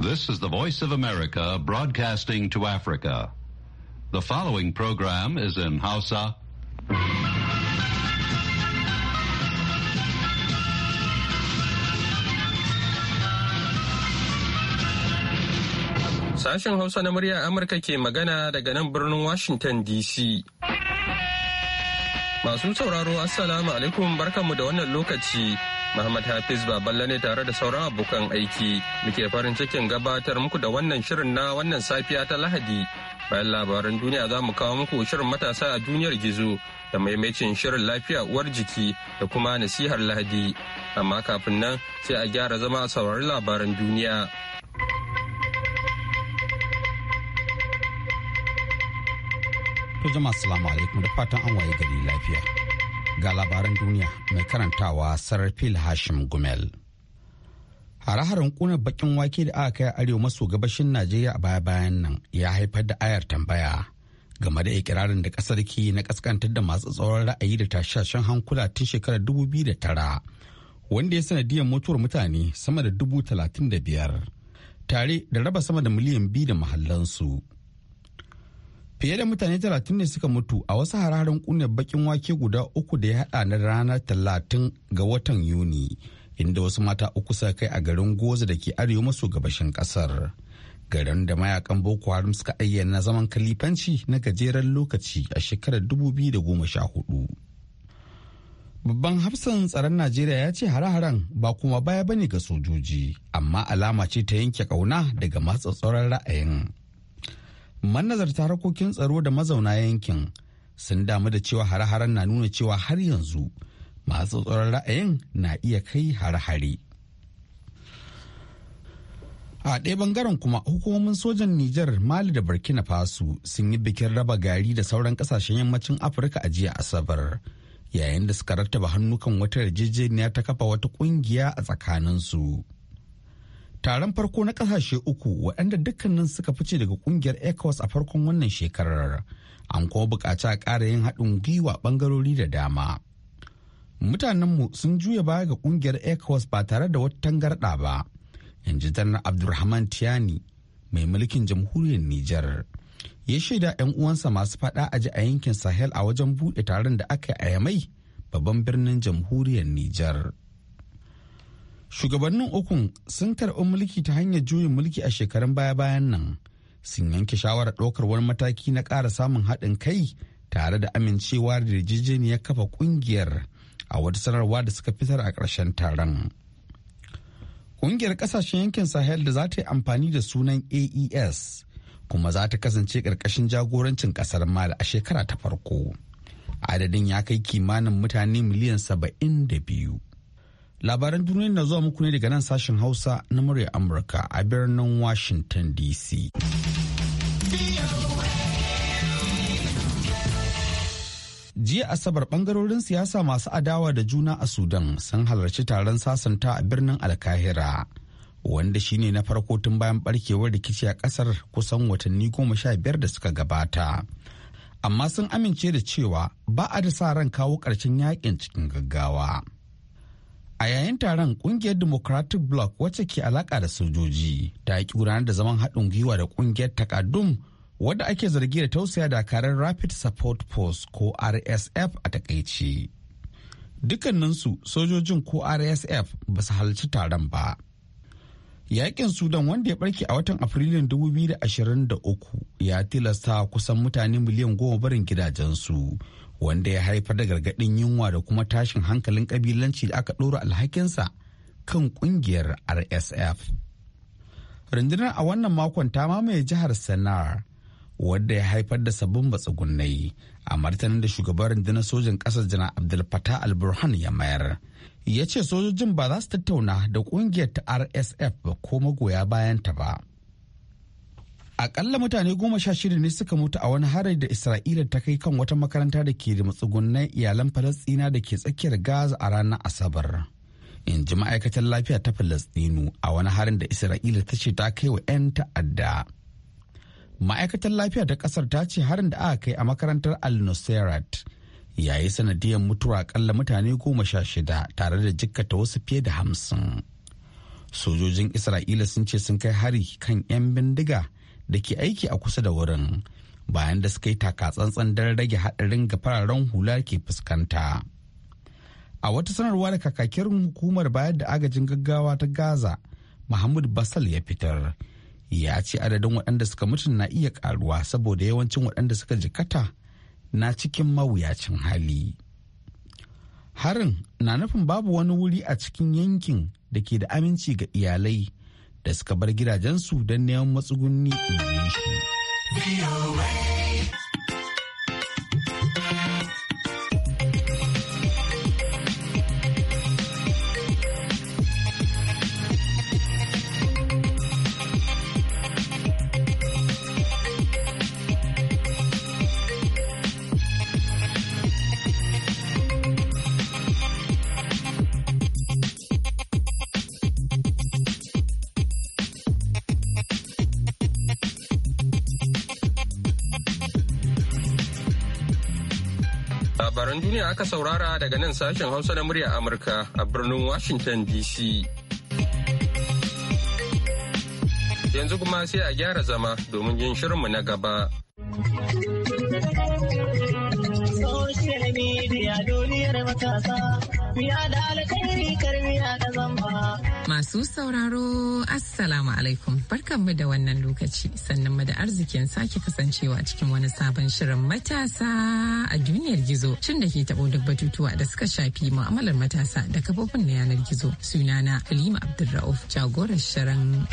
This is the Voice of America broadcasting to Africa. The following program is in Hausa. Sashen Hausa na murya Amurka ke magana daga nan birnin Washington DC. Masu sauraro, Assalamu alaikum barkanmu da wannan lokaci. Muhammad Hafiz Baballe ne tare da sauran abokan aiki muke farin cikin gabatar muku da wannan shirin na wannan safiya ta Lahadi. Bayan labaran duniya za mu kawo muku shirin matasa a duniyar gizo da maimacin shirin lafiya uwar jiki da kuma nasihar Lahadi. Amma kafin nan sai a gyara zama a saurari labaran duniya. To jama'a salamu alaikum da fatan an waye gari lafiya. ga labaran duniya mai karantawa sarfil hashim gumel hare-haren kuna bakin wake da aka kai arewa maso gabashin najeriya a baya-bayan nan ya haifar da ayar tambaya game da ikirarin da kasar ke na kaskantar da masu tsoron ra'ayi da tashashen hankula tun shekarar dubu da tara. wanda ya sanadiyar mutuwar mutane sama da dubu talatin da biyar. tare da raba sama da miliyan biyu da mahallansu fiye da mutane talatin ne suka mutu a wasu hararen kunne bakin wake guda uku da ya hada na ranar talatin ga watan yuni inda wasu mata uku suka kai a garin goza da ke arewa maso gabashin kasar garin da mayakan boko haram suka ayyana zaman kalifanci na gajeren lokaci a shekarar 2014 babban hafsan tsaron najeriya ya ce hare-haren ba kuma baya bane ga sojoji amma alama ce ta yanke kauna daga masu tsoron ra'ayin manazarta harkokin tsaro da mazauna yankin sun damu da cewa hare-haren na nuna cewa har yanzu masu tsoron ra'ayin na iya kai hare-hare a ɗaya bangaren kuma hukumomin sojan nijar mali da burkina faso sun yi bikin raba gari da sauran kasashen yammacin afirka a jiya asabar yayin da suka rattaba hannu kan wata yarjejeniya ta kafa wata ƙungiya a tsakaninsu. su taron farko na kasashe uku waɗanda dukkanin suka fice daga kungiyar ecowas a farkon wannan shekarar an kuma buƙaci a ƙara yin haɗin gwiwa ɓangarori da dama mutanenmu sun juya baya ga kungiyar ecowas ba tare da wata tangarɗa ba in ji janar abdulrahman tiani mai mulkin jamhuriyar nijar ya shaida 'yan uwansa masu faɗa a ji a yankin sahel a wajen buɗe taron da aka yi a yamai babban birnin jamhuriyar nijar shugabannin ukun sun karɓi mulki ta hanyar juyin mulki a shekarun baya-bayan nan sun yanke shawarar ɗaukar wani mataki na ƙara samun haɗin kai tare da amincewa da yarjejeniyar kafa ƙungiyar a wata sanarwa da suka fitar a ƙarshen taron ƙungiyar ƙasashen yankin sahel da za ta yi amfani da sunan aes kuma za ta kasance ƙarƙashin jagorancin ƙasar mali a shekara ta farko adadin ya kai kimanin mutane miliyan saba'in da biyu Labaran duniya na zuwa muku ne daga nan sashen Hausa na murya Amurka a birnin Washington DC. Jiya Asabar bangarorin siyasa masu adawa da juna a Sudan sun halarci taron sasanta a birnin Alkahira. Wanda shine na farko tun bayan barkewar rikici a kasar kusan watanni goma sha biyar da suka gabata. Amma sun amince da cewa ba a da sa ran kawo ƙarshen yakin cikin gaggawa. a yayin taron kungiyar democratic bloc wacce ke alaka da sojoji ta yi gudanar da zaman haɗin gwiwa da kungiyar takaddum wadda ake zargi da tausaya dakarar rapid support force ko rsf a takaici dukkaninsu sojojin ko rsf ba su halarci taron ba Yaƙin sudan wanda ya barke a watan afrilun 2023 ya tilasta kusan mutane miliyan goma barin gidajensu wanda ya haifar da gargaɗin yunwa da kuma tashin hankalin ƙabilanci da aka ɗora alhakinsa kan ƙungiyar rsf rundunar a wannan makon ta mamaye jihar sanar wadda ya haifar da sabbin batsugunai a martanin da shugaban rundunar sojan ƙasar jana abdul fatah al-burhan ya mayar ya ce sojojin ba za su tattauna da ƙungiyar ta rsf ba ko magoya bayanta ba Akalla mutane goma sha shida ne suka mutu a wani harin da Isra'ila ta kai kan wata makaranta da ke da matsugunan iyalan Falasɗina da ke tsakiyar Gaza a ranar Asabar. In ji ma'aikatar lafiya ta Falasɗinu a wani harin da Isra'ila ta ce ta kai wa 'yan ta'adda. Ma'aikatar lafiya ta ƙasar ta ce harin da aka kai a makarantar Al-Nusairat ya yi sanadiyar mutuwa akalla mutane goma sha shida tare da jikkata wasu fiye da hamsin. Sojojin Isra'ila sun ce sun kai hari kan 'yan bindiga da ke aiki a kusa da wurin bayan da suka yi takatsantsan don rage haɗarin ga fararen hula ke fuskanta. A wata sanarwa da kakakin hukumar bayar da agajin gaggawa ta Gaza, Mahmud Basal ya fitar. Ya ce adadin waɗanda suka mutu na iya ƙaruwa saboda yawancin waɗanda suka jikata na cikin mawuyacin hali. Harin na nufin babu wani wuri a cikin yankin da ke da aminci ga iyalai da suka bar gidajensu don neman matsugunni in shi. duniya aka saurara daga nan sashen Hausa na murya Amurka a birnin Washington DC. Yanzu kuma sai a gyara zama domin yin shirinmu na gaba. Masu sauraro, as Assalamu alaikum barkanmu da wannan lokaci sannan mu da arzikin sake kasancewa cikin wani sabon shirin matasa a duniyar gizo cin da ke taɓo duk batutuwa da suka shafi mu'amalar matasa da kafofin na yanar gizo sunana Halima Abdulrauf jagorar shirin.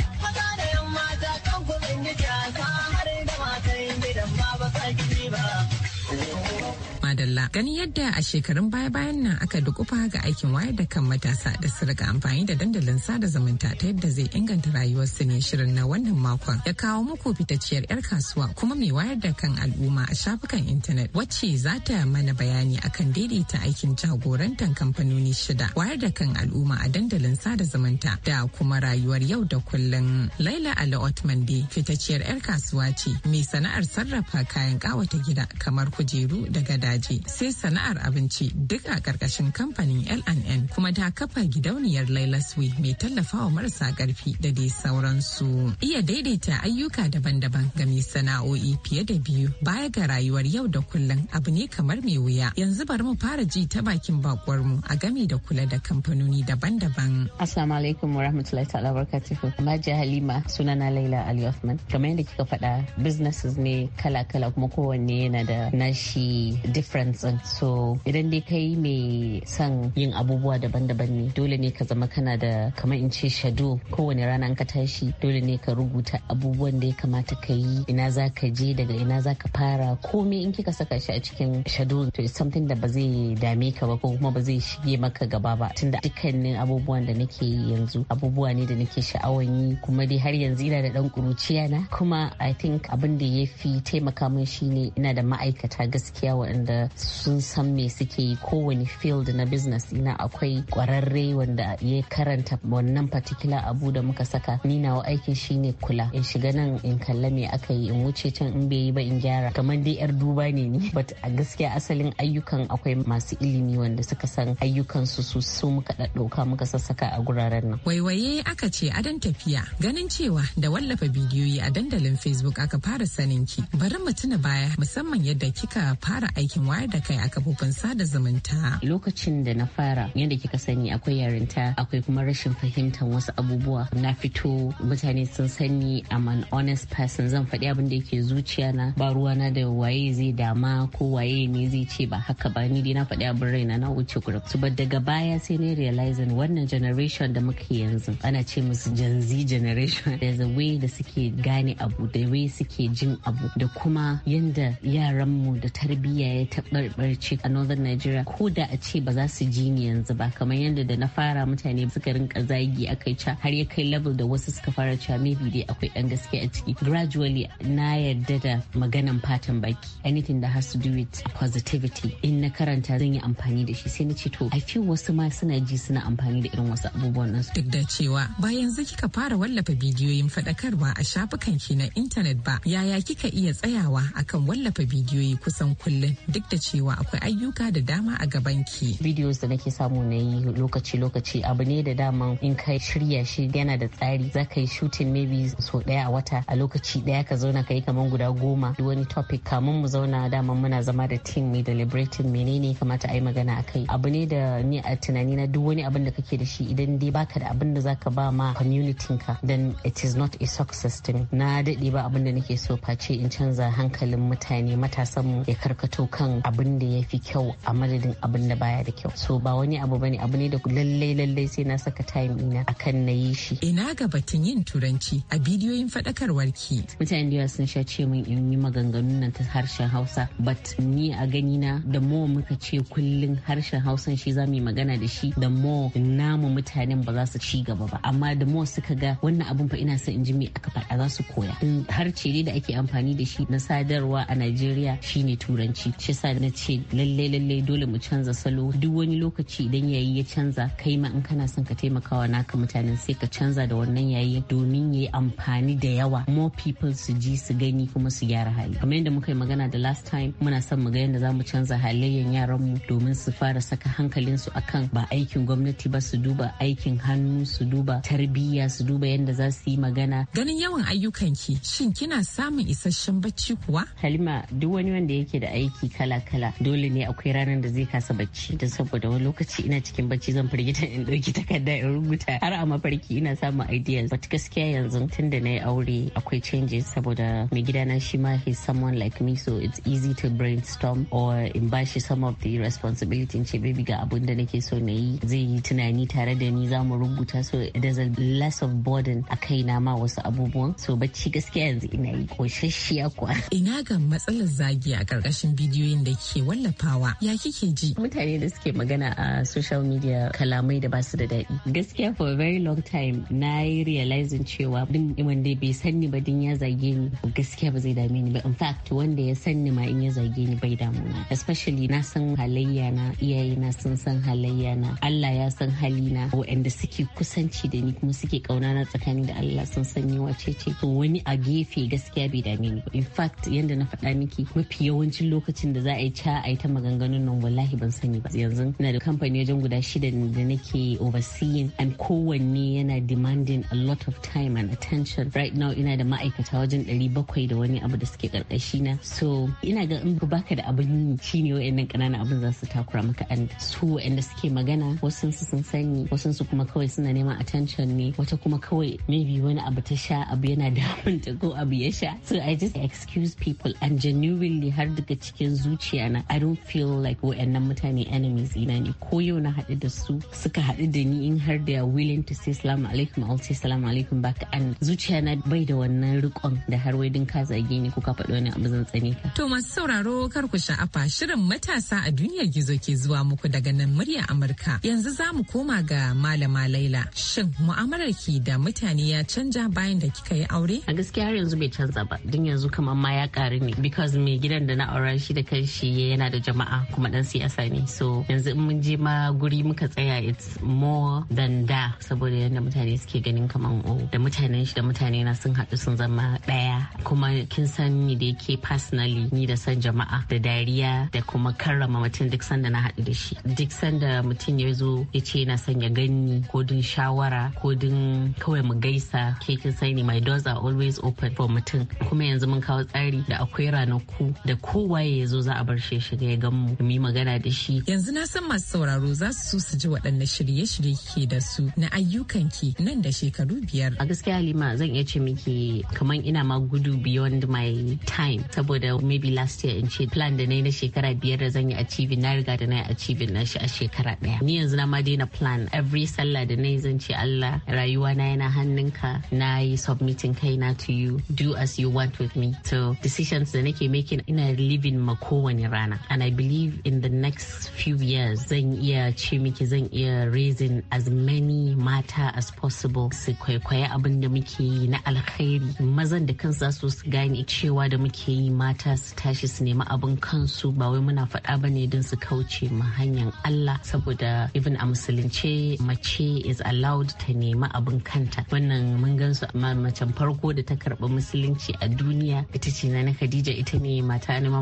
Ganin Gani yadda a shekarun baya-bayan nan aka dukufa ga aikin wayar da kan matasa da su rika amfani da dandalin sada zumunta ta yadda zai inganta rayuwarsu ne shirin na wannan makon ya kawo muku fitacciyar 'yar kasuwa kuma mai wayar da kan al'umma a shafukan intanet wacce za ta mana bayani akan daidaita aikin jagorantar kamfanoni shida wayar da kan al'umma a dandalin sada zumunta da kuma rayuwar yau da kullum. Laila Ali Otman dai fitacciyar 'yar kasuwa ce mai sana'ar sarrafa kayan kawata gida kamar kujeru daga daji. sai sana'ar abinci duk a ƙarƙashin kamfanin LNN kuma ta kafa gidauniyar Lailaswi mai tallafawa marasa ƙarfi da dai sauransu. Iya daidaita ayyuka daban-daban ga mai sana'o'i fiye da biyu baya ga rayuwar yau da kullum abu ne kamar mai wuya. Yanzu bari mu fara ji ta bakin bakuwar mu a game da kula da kamfanoni daban-daban. Assalamu alaikum wa rahmatullahi ta'ala barakatuhu. Maji Halima sunana Laila Ali Osman. Kamar yadda kika faɗa businesses ne kala-kala kuma kowanne yana da nashi different tsantsan so idan dai kai mai son yin abubuwa daban-daban ne dole ne ka zama kana da kamar in ce shado kowane rana ka tashi dole ne ka rubuta abubuwan da ya kamata ka yi ina za ka je daga ina za ka fara komai in kika saka shi a cikin shado to something da ba zai dame ka ba ko kuma ba zai shige maka gaba ba tunda dukkanin abubuwan da nake yi yanzu abubuwa ne da nake sha'awan yi kuma dai har yanzu ina da dan kuruciya na kuma i think abin da ya fi taimaka min shine ina da ma'aikata gaskiya waɗanda sun san me suke yi kowane field na business ina akwai kwararre wanda ya karanta wannan particular abu da muka saka ni nawa aikin shine kula in shiga nan in kalla me aka yi in wuce can in bai yi ba in gyara kamar dai yar duba ne ni but a gaskiya asalin ayyukan akwai masu ilimi wanda suka san ayyukan su su su muka ɗaɗɗauka muka sassaka a guraren nan waiwaye aka ce a dan tafiya ganin cewa da wallafa bidiyoyi a dandalin facebook aka fara sanin ki bari mu tuna baya musamman yadda kika fara aikin wayar da kai a kafofin sada zumunta. Lokacin da na fara yadda kika sani akwai yarinta akwai kuma rashin fahimtar wasu abubuwa na fito mutane sun sani a an honest person zan faɗi abin da yake zuciya na ba ruwa na da waye zai dama ko waye ne zai ce ba haka ba ni dai na faɗi abin raina na wuce gurin. su ba daga baya sai ne realizing wannan generation da muke yanzu ana ce musu Gen Z generation there's a way da suke gane abu da way suke jin abu da kuma yanda yaranmu da tarbiyya ya taɓa barci a northern nigeria ko da a ce ba za su ji ni yanzu ba kamar yadda da na fara mutane suka rinka zagi kai ca har ya kai level da wasu suka fara cewa maybe dai akwai dan gaske a ciki gradually na yarda da maganan fatan baki anything that has to do with positivity in na karanta zan yi amfani da shi sai na ce to i feel wasu ma suna ji suna amfani da irin wasu abubuwan nan duk da cewa ba yanzu kika fara wallafa bidiyoyin faɗakarwa a shafukan ki na intanet ba yaya kika iya tsayawa akan wallafa bidiyoyi kusan kullum duk da cewa akwai ayyuka da dama a gaban ki Videos da nake samu na yi lokaci-lokaci abu ne da dama in ka shirya shi yana da tsari za ka yi shooting maybe so daya a wata a lokaci daya ka zauna ka yi kamar guda goma duk wani topic kamun mu zauna dama muna zama da team mai deliberating menene kamata a yi magana a kai abu ne da ni a tunani na duk wani abin da kake da shi idan dai baka da abin da zaka ba ma community ka then it is not a success to na daɗe ba abin da nake so face in canza hankalin mutane matasan mu ya karkato kan abin abin da ya fi kyau a madadin abin da baya da kyau so ba wani abu bane abu ne da lallai lallai sai na saka time ina akan na yi shi ina ga batun yin turanci a bidiyoyin faɗakarwar ki mutane da sun sha ce min in yi maganganun nan ta harshen hausa but ni a gani na da mo muka ce kullun harshen hausan shi za mu magana da shi da mo namu mutanen ba za su ci gaba ba amma da mo suka ga wannan abun fa ina son in ji me aka faɗa za su koya harce ne da ake amfani da shi na sadarwa a Najeriya shine turanci shi sa na ce lalle lalle dole mu canza salo duk wani lokaci idan yayi ya canza kai ma in kana son ka taimakawa naka mutanen sai ka canza da wannan yayi domin yayi amfani da yawa more people su ji su gani kuma su gyara hali kamar yadda muka yi magana da last time muna son mu ga yadda zamu canza halayyan yaran mu domin su fara saka hankalin su akan ba aikin gwamnati ba su duba aikin hannu su duba tarbiyya su duba yadda za su yi magana ganin yawan ayyukan ki shin kina samun isasshen bacci kuwa halima duk wani wanda yake da aiki kala kala murtala dole ne akwai ranar da zai kasa bacci da saboda wani lokaci ina cikin bacci zan firgita in dauki takarda in rubuta har a mafarki ina samun ideas but gaskiya yanzu tun da na yi aure akwai changes saboda mai gidana shi ma he's someone like me so it's easy to brainstorm or in bashi some of the responsibility in ce baby ga abun da nake so na yi zai yi tunani tare da ni za mu rubuta so there's a less of burden a kai ma wasu abubuwan so bacci gaskiya yanzu ina yi koshashiya kuwa ina ga matsalar zagi a ƙarƙashin bidiyoyin da ke Ke wallafawa ya kike ji mutane da suke magana a social media kalamai da basu da daɗi gaskiya for a very long time na yi realizing cewa din wanda bai sanni ba din ya zage ni gaskiya ba zai dame ni ba in fact wanda ya sanni ma in ya zage ni bai damu na especially na san halayya na iyaye na sun san halayya na Allah ya san halina waɗanda suke kusanci da ni kuma suke kauna na tsakani da Allah sun san ni wace ce wani a gefe gaskiya bai dame ni in fact yanda na faɗa miki mafi yawancin lokacin da za a yi ca a ta maganganun nan wallahi ban sani ba yanzu na da kamfani wajen guda shida da nake overseeing and kowanne yana demanding a lot of time and attention right now ina da ma'aikata wajen ɗari bakwai da wani abu da suke karkashi na so ina ga in baka da abin shine wayannan ƙananan abin za su takura maka and su wayanda suke magana wasu su sun sani wasu su kuma kawai suna neman attention ne wata kuma kawai maybe wani abu ta sha abu yana damunta ko abu ya sha so i just excuse people and genuinely har daga cikin zuciya nake a i don't feel like wa'annan mutane enemies ina ne ko yau na haɗu da su suka haɗu da ni in har da willing to say salamu alaikum i'll say salamu alaikum back and zuciya na bai da wannan rikon da har wai din ka zage ni ko ka faɗi wani abu zan tsane ka to masu sauraro kar ku sha'afa shirin matasa a duniyar gizo ke zuwa muku daga nan murya Amurka yanzu za mu koma ga malama Laila shin mu'amalar ki da mutane ya canja bayan da kika yi aure a gaskiya har yanzu bai canza ba din yanzu kamar ma ya ƙaru ne because mai gidan da na aura shi da kanshi shi yana da jama'a kuma dan siyasa ne so yanzu in mun je ma guri muka tsaya it's more than da saboda yadda mutane suke ganin kamar o oh, da mutanen shi da mutane na sun haɗu sun zama ɗaya kuma kin san ni da yake personally ni da san jama'a da dariya da kuma karrama mutum duk sanda na haɗu da shi duk sanda mutum ya zo ya ce na son ya gani ko din shawara ko din kawai mu gaisa ke kin sani my doors are always open for mutum kuma yanzu mun kawo tsari da akwai ranaku da kowa ya zo za a bar shi shiga ya mu magana da shi yanzu na san masu sauraro za su su ji waɗanne shirye-shirye ke da su na ayyukan ki nan da shekaru biyar a gaskiya halima zan iya ce miki kaman ina ma gudu beyond my time saboda maybe last year in ce plan da na yi na shekara biyar da zan yi achieving na riga da na yi achieving na shi a shekara ɗaya ni yanzu na ma daina plan every sallah da na yi zan ce Allah rayuwa na yana hannunka na yi submitting kaina to you do as you want with me so decisions da nake making ina living ma kowane rana and i believe in the next few years zan iya ce miki zan iya raising as many mata as possible su kwaikwayi abin da muke yi na alkhairi mazan da kansu su su gane cewa da muke yi mata su tashi su nemi abin kansu ba wai muna faɗa ba ne don su kauce ma hanyar Allah saboda even a musulunce mace is allowed ta nemi abin kanta wannan mun gan su amma macen farko da ta karɓi musulunci a duniya ita ce na Khadija ita ne mata ne ma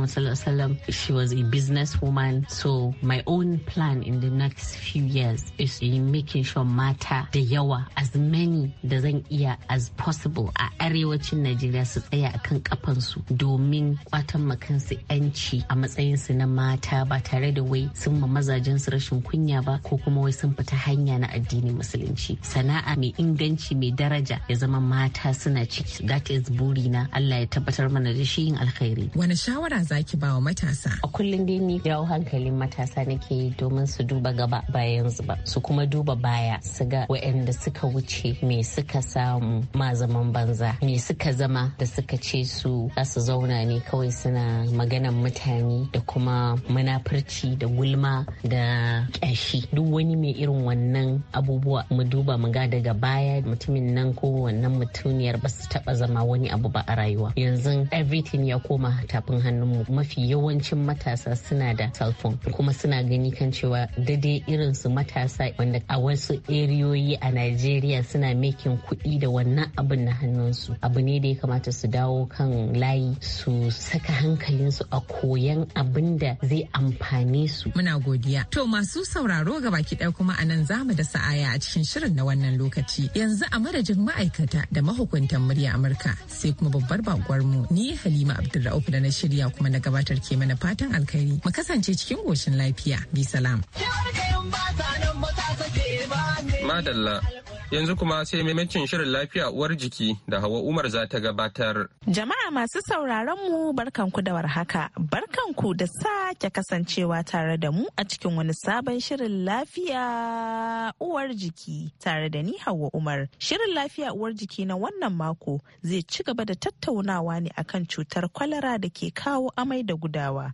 she was a woman So my own plan in the next few years is in making sure mata da yawa as many da zan iya as possible a arewacin Najeriya su tsaya a akan kafansu domin kwatan makansu yanci a matsayinsu na mata ba tare da wai sun ma mazajen su rashin kunya ba ko kuma wai sun fita hanya na addinin musulunci sana'a mai inganci mai daraja ya zama mata suna ciki that is burina Allah ya tabbatar mana da shi yin alkhairi wani shawara zaki ba wa matasa matasa a kullum dai ni yawo hankalin matasa nake yi domin su duba gaba ba yanzu ba su kuma duba baya su ga waɗanda suka wuce me suka samu ma zaman banza me suka zama da suka ce su za su zauna ne kawai suna maganan mutane da kuma munafurci da gulma da ƙyashi duk wani mai irin wannan abubuwa mu duba mu ga daga baya mutumin nan ko wannan mutuniyar ba su taba zama wani abu ba a rayuwa yanzu everything ya koma tafin mu, mafi yawanci yawancin matasa suna da salfon kuma suna gani kan cewa dade irin su matasa wanda a wasu eriyoyi a Najeriya suna mekin kuɗi da wannan abin na hannunsu abu ne da ya kamata su dawo kan layi su saka hankalinsu a koyan abin da zai amfane su. Muna godiya. To masu sauraro ga baki ɗaya kuma a nan za mu da sa'aya a cikin shirin na wannan lokaci. Yanzu a madadin ma'aikata da mahukuntan murya Amurka sai kuma babbar bakwar mu ni Halima Abdulrauf da na shirya kuma na gabatar ke mana fatan alkhairi mu kasance cikin goshin lafiya bi salam madalla Yanzu kuma sai maimacin shirin lafiya uwar jiki da Hawa Umar za ta gabatar. Jama'a masu sauraron mu ku da warhaka. barkan ku da sake kasancewa tare da mu a cikin wani sabon shirin lafiya uwar jiki tare da ni Hawa Umar. Shirin lafiya uwar jiki na wannan mako zai ci gaba da tattaunawa ne akan cutar kwalara da ke kawo amai da gudawa.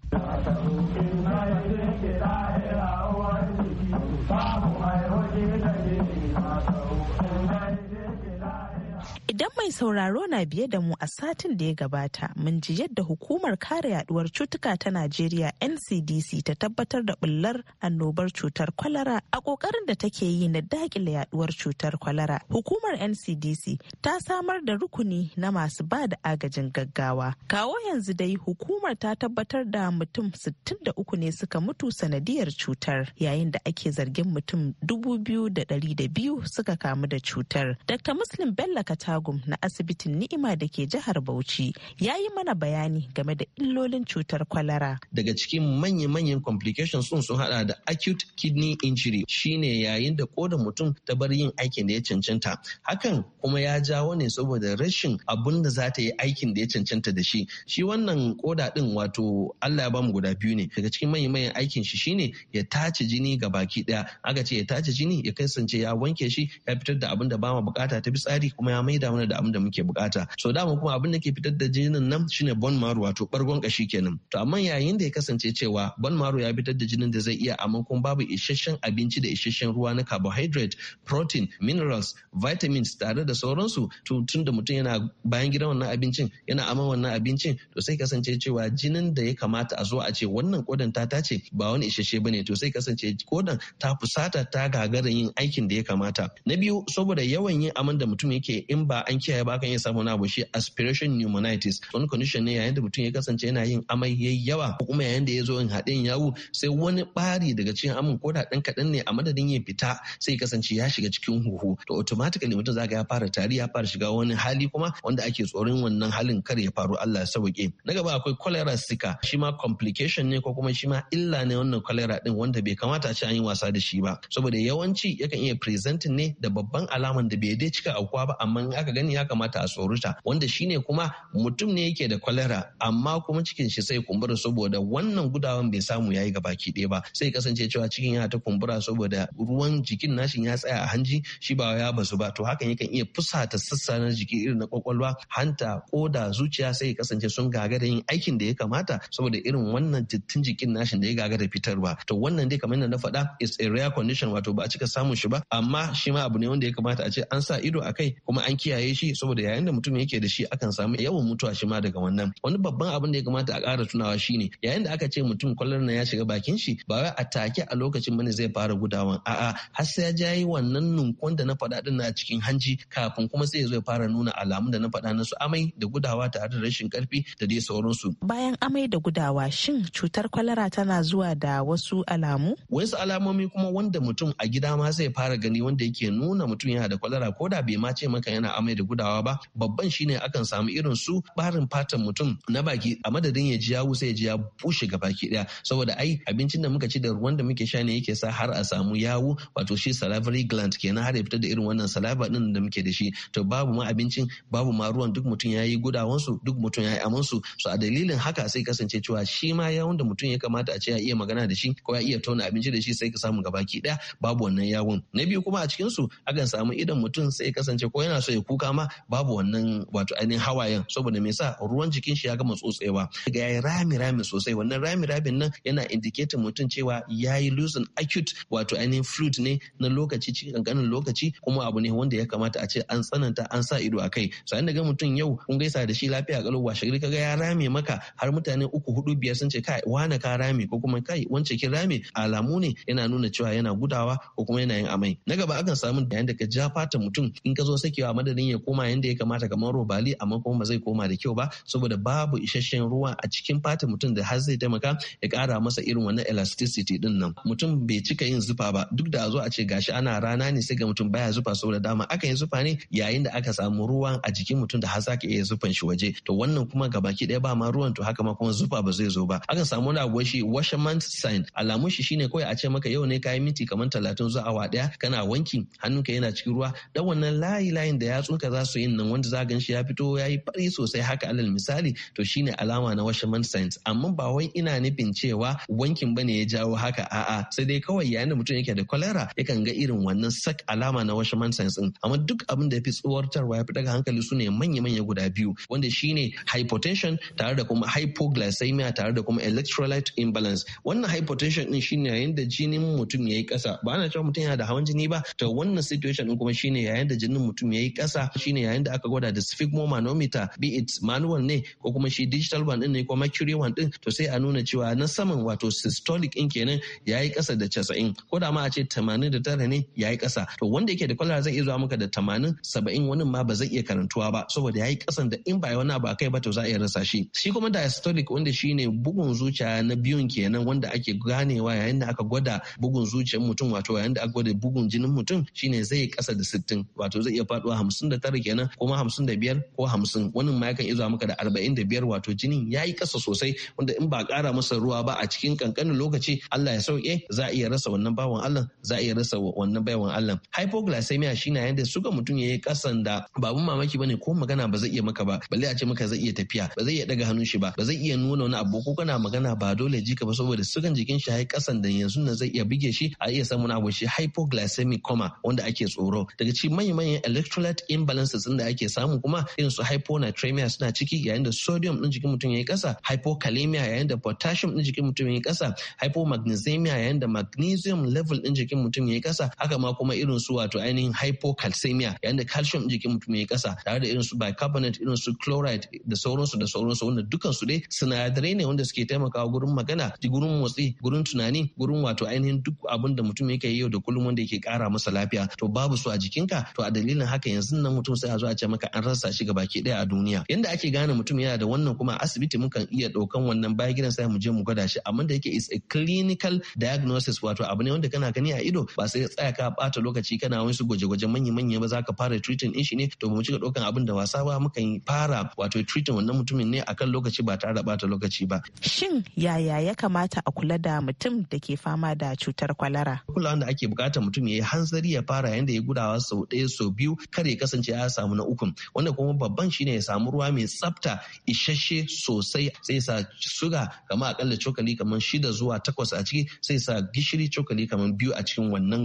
Idan mai sauraro na biye da mu a satin da ya gabata, mun ji yadda hukumar kare yaduwar cutuka ta Najeriya NCDC ta tabbatar da bullar annobar cutar kwalara a kokarin da take yi na dakile yaduwar cutar kwalara. Hukumar NCDC ta samar da rukuni na masu ba da agajin gaggawa. Kawo yanzu dai hukumar ta tabbatar da mutum 63 ne suka mutu sanadiyar cutar yayin da ake zargin mutum 2,200 suka kamu da cutar. Dr. Muslim Bello Katago Alaikum na asibitin Ni'ima da ke jihar Bauchi ya yi mana bayani game da illolin cutar kwalara. Daga cikin manya-manyan complications sun sun hada da acute kidney injury shine yayin da koda mutum ta bar yin aikin da ya cancanta. Hakan kuma ya jawo ne saboda rashin abun da za ta yi aikin da ya cancanta da shi. Shi wannan koda din wato Allah ya bamu guda biyu ne. Daga cikin manya-manyan aikin shi shine ya tace jini ga baki daya. Aka ce ya tace jini ya kasance ya wanke shi ya fitar da abin da ba mu bukata ta bi tsari kuma ya maida mana da abin da muke bukata so dama kuma abin da ke fitar da jinin nan shine bone marrow wato bargon kashi kenan to amma yayin da ya kasance cewa bone marrow ya fitar da jinin da zai iya amma kuma babu isasshen abinci da isasshen ruwa na carbohydrate protein minerals vitamins tare da sauransu to tun da mutum yana bayan gidan wannan abincin yana aman wannan abincin to sai kasance cewa jinin da ya kamata a zo a ce wannan kodan ta tace ba wani isasshe bane to sai kasance kodan ta fusata ta gagara yin aikin da ya kamata na biyu saboda yawan yin aman da mutum yake in ba an kiyaye ba kan iya samu na abu shi aspiration pneumonitis wani condition ne yayin da mutum ya kasance yana yin amai ya yawa ko kuma yayin da ya zo in haɗin yawu sai wani ɓari daga cikin amin ko da ɗan kaɗan ne a madadin ya fita sai kasance ya shiga cikin huhu to automatically mutum zaka ya fara tari ya fara shiga wani hali kuma wanda ake tsoron wannan halin kar ya faru Allah ya sauke na gaba akwai cholera sika shi ma complication ne ko kuma shi ma illa ne wannan cholera din wanda bai kamata a ce an yi wasa da shi ba saboda yawanci yakan iya presenting ne da babban alaman da bai dai cika aukuwa ba amma in aka gani ya kamata a tsoruta wanda shine kuma mutum ne yake da kwalera amma kuma cikin shi sai kumbura saboda wannan gudawan bai samu yayi ki ɗaya ba sai kasance cewa cikin ya ta kumbura saboda ruwan jikin nashin ya tsaya a hanji shi ba ya basu ba to hakan yakan iya fusata sassa na jiki irin na kwakwalwa hanta koda zuciya sai kasance sun gagara yin aikin da ya kamata saboda irin wannan dattin jikin nashin da ya gagara fitarwa to wannan dai kamar na faɗa is a rare condition wato ba a cika samun shi ba amma shi ma abu ne wanda ya kamata a ce an sa ido akai kuma an kiyaye yi shi saboda yayin da mutum yake da shi akan samu yawan mutuwa shi ma daga wannan wani babban abin da ya kamata a ƙara tunawa shine yayin da aka ce mutum kwallon nan ya shiga bakin shi ba wai a take a lokacin bane zai fara gudawan a'a har sai ya ja yi wannan nunkon da na faɗa din na cikin hanji kafin kuma sai ya zo ya fara nuna alamun da na faɗa na su amai da gudawa tare da rashin karfi da dai sauransu bayan amai da gudawa shin cutar kwalara tana zuwa da wasu alamu wasu alamomi kuma wanda mutum a gida ma zai fara gani wanda yake nuna mutum yana da kwalara ko da bai ma ce maka yana amai da da gudawa ba babban shine akan samu irin su barin fatan mutum na baki a madadin ya ji ya wusa ya ji ya bushe gaba ki daya saboda ai abincin da muka ci da ruwan da muke sha ne yake sa har a samu yawu wato shi salivary gland kenan har ya fita da irin wannan saliva din da muke da shi to babu ma abincin babu ma ruwan duk mutum yayi yi gudawansu duk mutum ya yi su so a dalilin haka sai kasance cewa shi ma yawun da mutum ya kamata a ce ya iya magana da shi ko ya iya tona abinci da shi sai ka samu gabaki daya babu wannan yawun na biyu kuma a cikin su akan samu idan mutum sai kasance ko yana so ya kuka dama babu wannan wato ainihin hawayen saboda me yasa ruwan jikin shi ya gama tsotsewa ga yayi rami rami sosai wannan rami ramin nan yana indicate mutum cewa yayi losing acute wato ainihin fluid ne na lokaci cikin kankanin lokaci kuma abu ne wanda ya kamata a ce an tsananta an sa ido a kai sai daga mutum yau kun gaisa da shi lafiya kalau washe ka kaga ya rami maka har mutane uku hudu biyar sun ce kai wane ka rami ko kuma kai wance ki rame alamu ne yana nuna cewa yana gudawa ko kuma yana yin amai na gaba akan samu da yanda ka ja fata mutum in ka zo sakewa madadin ya koma yadda ya kamata kamar robali amma kuma ba zai koma da kyau ba saboda babu isasshen ruwa a cikin fata mutum da har zai taimaka ya kara masa irin wannan elasticity din nan mutum bai cika yin zufa ba duk da a zo a ce gashi ana rana ne sai ga mutum baya zufa saboda dama aka yi zufa ne yayin da aka samu ruwa a jikin mutum da har zaka iya zufan shi waje to wannan kuma gabaki ɗaya ba ma ruwan to haka ma kuma zufa ba zai zo ba akan samu wani abu shi washerman sign alamun shi shine kawai a ce maka yau ne kayi minti kamar talatin zuwa awa ɗaya kana wanki ka yana cikin ruwa dan wannan layi layin da yatsun suka za su yin nan wanda za gan shi ya fito ya yi fari sosai haka alal misali to shine alama na man science amma ba wai ina nufin cewa wankin bane ya jawo haka a'a sai dai kawai yayin da mutum yake da cholera yakan ga irin wannan sak alama na washerman science din amma duk abin da ya fi tsuwartarwa ya fi daga hankali su ne manya-manya guda biyu wanda shine hypotension tare da kuma hypoglycemia tare da kuma electrolyte imbalance wannan hypotension din shine yayin da jinin mutum ya yi kasa ba na cewa mutum yana da hawan jini ba to wannan situation din kuma shine yayin da jinin mutum ya yi kasa shine yayin da aka gwada da sphygmo manometer be it manual ne ko kuma shi digital one din ne ko mercury one din to sai a nuna cewa na saman wato systolic in kenan yayi kasa da 90 ko da ma a ce 89 ne yayi kasa to wanda yake da kwalara zai iya zuwa maka da 80 70 wani ma ba zai iya karantuwa ba saboda yayi kasan da in ba wani ba kai ba to za a iya rasa shi shi kuma diastolic wanda shine bugun zuciya na biyun kenan wanda ake ganewa yayin da aka gwada bugun zuciyar mutum wato yayin da aka gwada bugun jinin mutum shine zai kasa da 60 wato zai iya faduwa tara kenan kuma hamsin da biyar ko hamsin wannan ma yakan iza maka da arba'in da biyar wato jinin ya yi ƙasa sosai wanda in ba ƙara masa ruwa ba a cikin ƙanƙanin lokaci Allah ya sauke za a iya rasa wannan bawan Allah za a iya rasa wannan baiwan Allah hypoglycemia shi na yadda suka mutum ya yi ƙasan da babu mamaki ne ko magana ba zai iya maka ba balle a ce maka zai iya tafiya ba zai iya daga hannun shi ba ba zai iya nuna wani abu ko kana magana ba dole ji ka ba saboda sukan jikin shi ya ƙasan da yanzu na zai iya bige shi a iya samun abu shi hypoglycemic coma wanda ake tsoro daga cikin manyan manyan electrolyte imbalance imbalances din da ake samu kuma irin su hyponatremia suna ciki yayin da sodium din jikin mutum yayi kasa hypokalemia yayin da potassium din jikin mutum yayi kasa hypomagnesemia yayin da magnesium level din jikin mutum yayi kasa haka ma kuma irin su wato ainihin hypocalcemia yayin da calcium din jikin mutum yayi kasa tare da irin su bicarbonate irin su chloride da sauransu da sauransu wanda dukkan su dai sinadarai ne wanda suke taimakawa gurin magana gurin motsi gurin tunani gurin wato ainihin duk abin da mutum yake yau da kullum wanda yake kara masa lafiya to babu su a jikinka to a dalilin haka yanzu nan mutum sai a zo a ce maka an rasa shi baki daya a duniya yanda ake gane mutum yana da wannan kuma asibiti mukan iya ɗaukan wannan bayan gidan sai mu je mu gwada shi amma da yake is a clinical diagnosis wato abu ne wanda kana gani a ido ba sai tsaya ka bata lokaci kana wani su gwaje-gwaje manya-manya ba za ka fara treating din shi ne to mu cika ɗaukan abin da wasa ba mukan fara wato treating wannan mutumin ne akan lokaci ba tare da bata lokaci ba shin yaya ya kamata a kula da mutum da ke fama da cutar kwalara kulawan da ake bukata mutum ya yi hanzari ya fara yanda ya gudawa sau ɗaya sau biyu kar ya kasance ya samu na ukun wanda kuma babban shine ya samu ruwa mai tsafta isasshe sosai sai sa suga kamar akalla cokali kamar shida zuwa takwas a ciki sai sa gishiri cokali kamar biyu a cikin wannan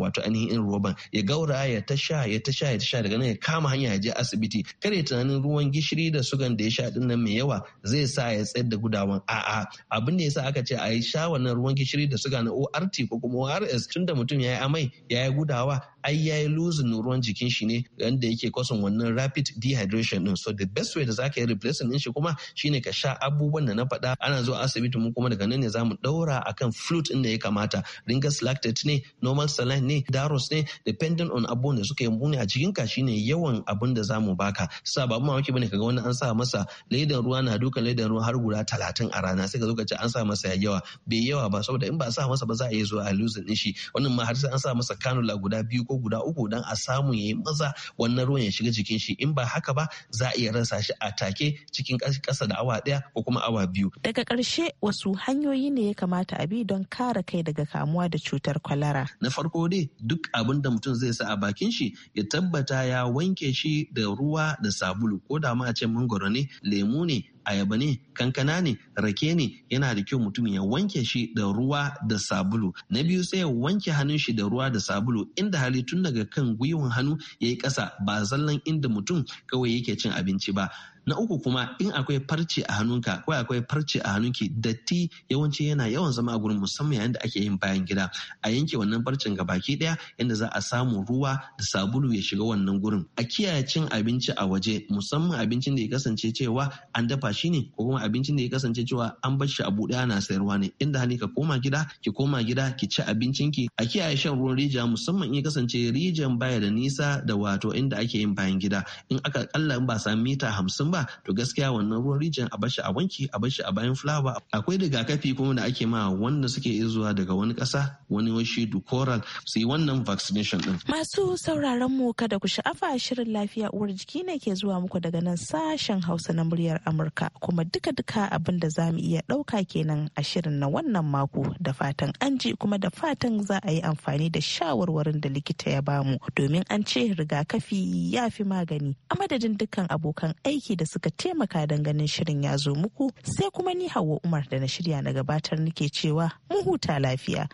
wato ainihin roban ya gaura ya ta ya ta ya ta daga nan ya kama hanya ya je asibiti kare tunanin ruwan gishiri da sugan da ya sha din mai yawa zai sa ya tsayar da gudawan a'a abin da yasa aka ce a yi sha wannan ruwan gishiri da suga na ORT ko kuma ORS tunda mutum ya yi amai ya yi gudawa ai ya yi luzin ruwan jikin shi ne da yake kwasan wannan rapid dehydration din so the best way da zaka yi replacement din shi kuma shine ka sha abubuwan da na faɗa ana zuwa asibiti mu kuma daga nan ne zamu daura akan flute din da ya kamata ringa lactate ne normal saline ne daros ne depending on abubuwan da suka yi muni a cikin ka shine yawan abun da zamu baka sa ma mamaki bane kaga wani an sa masa ledan ruwa na duka ledan ruwa har guda talatin a rana sai ka zo ka ce an sa masa ya yawa bai yawa ba saboda in ba sa masa ba za a iya zuwa a losing din shi wannan ma har sai an sa masa kanula guda biyu ko guda uku dan a samu yayi maza wani wannan ruwan ya shiga jikin shi in ba haka ba za a iya rasa shi a take cikin kasa da awa daya ko kuma awa biyu. Daga karshe wasu hanyoyi ne ya kamata a bi don kare kai daga kamuwa da cutar kwalara. Na farko dai duk abin da mutum zai sa a bakin shi ya tabbata ya wanke shi da ruwa da sabulu ko da ma a ce mangoro ne lemu ne ayaba ne kankana ne rake ne yana da kyau mutum ya wanke shi da ruwa da sabulu na biyu sai ya wanke hannun shi da ruwa da sabulu inda hali tun daga kan gwiwan hannu ya yi ƙasa ba zallan inda mutum kawai yake cin abinci ba na uku kuma in akwai farce a hannunka ko akwai farce a hannunki datti yawanci yana yawan zama a gurin musamman yayin da ake yin bayan gida a yanke wannan farcen baki daya yadda za a samu ruwa da sabulu ya shiga wannan gurin a kiyaye cin abinci a waje musamman abincin da ya kasance cewa an dafa shi ne ko kuma abincin da ya kasance cewa an bar shi a buɗe ana sayarwa ne inda hali ka koma gida ki koma gida ki ci abincinki a kiyaye shan ruwan rijiya musamman in ya kasance rijan baya da nisa da wato inda ake yin bayan gida in aka kalla in ba sa mita hamsin ba to gaskiya wannan ruwan rijiyar a bashi a wanki a bashi a bayan fulawa akwai rigakafi kuma da ake ma wanda suke izuwa daga wani kasa wani washi dukoral su yi wannan vaccination din. Masu sauraron mu kada ku sha'afa shirin lafiya uwar jiki ne ke zuwa muku daga nan sashen Hausa na muryar Amurka kuma duka-duka abin da za mu iya ɗauka kenan a shirin na wannan mako da fatan an ji kuma da fatan za a yi amfani da shawarwarin da likita ya bamu domin an ce rigakafi ya fi magani a madadin dukkan abokan aiki da da suka taimaka don ganin shirin ya zo muku sai kuma ni hawa umar da na shirya na gabatar nake cewa mu huta lafiya.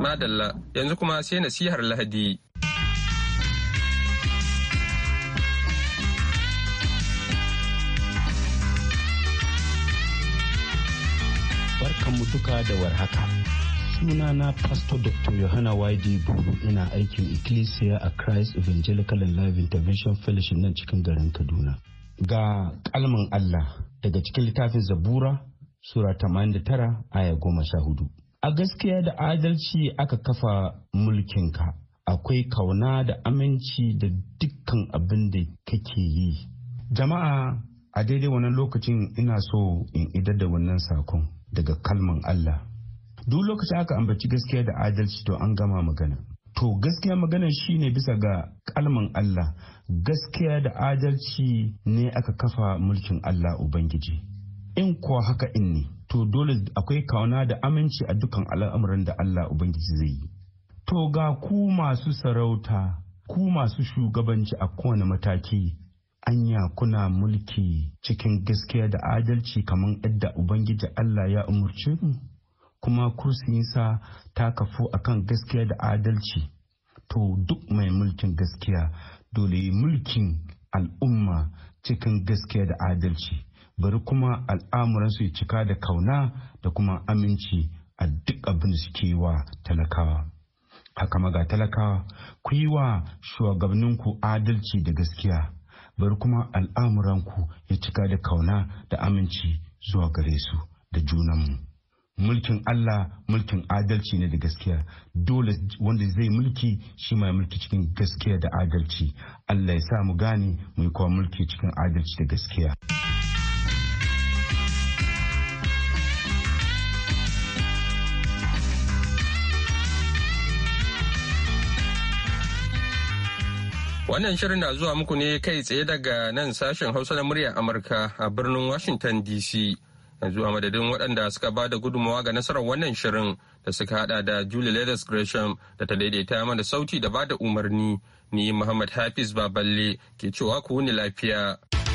Madalla yanzu kuma sai nasihar Lahadi. Barkan mutuka da warhaka. suna na pastor dr yohana yd buru ina aikin ecclesia a christ evangelical and life intervention fellowship nan cikin garin kaduna ga kalman allah daga cikin littafin zabura sura 89 aya 14 a gaskiya da adalci aka kafa mulkinka akwai kauna da aminci da dukkan abin da kake yi jama'a a daidai wannan lokacin ina so in idar da wannan sakon daga kalman allah duk lokacin aka ambaci gaskiya da adalci to an gama magana to gaskiya magana shine bisa ga kalman Allah gaskiya da adalci ne aka kafa mulkin Allah ubangiji in kuwa haka in ne to dole akwai kauna da aminci a dukkan al'amuran da Allah ubangiji zai yi to ga ku masu sarauta ku masu shugabanci a kowane mataki anya kuna mulki cikin gaskiya da adalci kamar yadda ubangiji Allah ya umurce mu kuma kursiyinsa ta kafu akan gaskiya da adalci to duk mai mulkin gaskiya dole mulkin al'umma cikin gaskiya da adalci bari kuma al'amuransu ya cika da kauna da kuma aminci a duk abin da suke wa talakawa haka maga talakawa ku yi wa shugabanninku adalci da gaskiya bari kuma al'amuranku ya cika da kauna da aminci zuwa gare su da junanmu mulkin Allah mulkin adalci ne da gaskiya dole wanda zai mulki shi mai mulki cikin gaskiya da adalci Allah ya sa mu gane mu yi kuma mulki cikin adalci da gaskiya Wannan shirin na zuwa muku ne kai tsaye daga nan sashen Hausa na muryar Amurka a birnin Washington DC. yanzu a madadin waɗanda suka ba da gudunmawa ga nasarar wannan shirin da suka hada da julie leathers gresham da ta daidaita mana sauti da ba da umarni ni muhammad hafiz baballe ke cewa ku wuni lafiya.